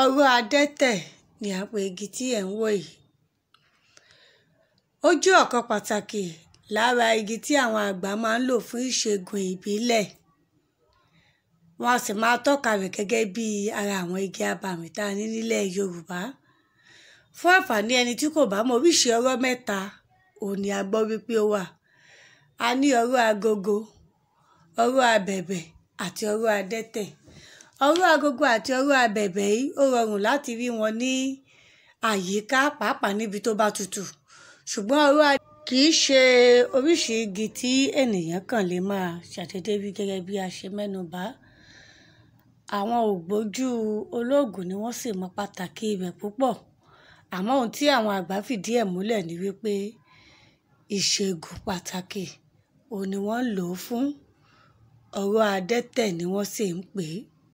ọ̀rọ̀ adẹ́tẹ̀ ni àpò igi tí ẹ̀ ń wò yìí ó jẹ́ ọ̀kan pàtàkì lára igi tí àwọn àgbà máa ń lò fún ìṣègùn ìbílẹ̀ wọn a sì máa tọ́ka rẹ̀ gẹ́gẹ́ bí ara àwọn igi abàmì tá a ní nílẹ̀ Yorùbá fún àǹfààní ẹni tí kò bá mọ oríṣìí ọ̀rọ̀ mẹ́ta òun ni a gbọ́ wípé ó wà a ní ọ̀rọ̀ agogo ọ̀rọ̀ abẹ̀bẹ̀ àti ọ̀rọ̀ adẹ́tẹ̀ ọwọ́ agogo àti ọwọ́ abẹ̀bẹ̀ yìí ó rọrùn láti rí wọn ní àyíká pàápàá níbi tó bá tutù ṣùgbọ́n ọwọ́ kì í ṣe oríṣi igi tí ènìyàn kàn lè máa ṣàdédé rí gẹ́gẹ́ bí a ṣe mẹ́nu bà àwọn ògbójú olóògùn ni wọ́n sì mọ pàtàkì rẹ̀ púpọ̀ àmọ́ ohun tí àwọn àgbà fìdí ẹ̀ múlẹ̀ ni wípé ìṣègùn pàtàkì òun ni wọ́n ń lò ó fún ọ̀rọ̀ adẹ́tẹ̀ ni wọ́n sì ń pè é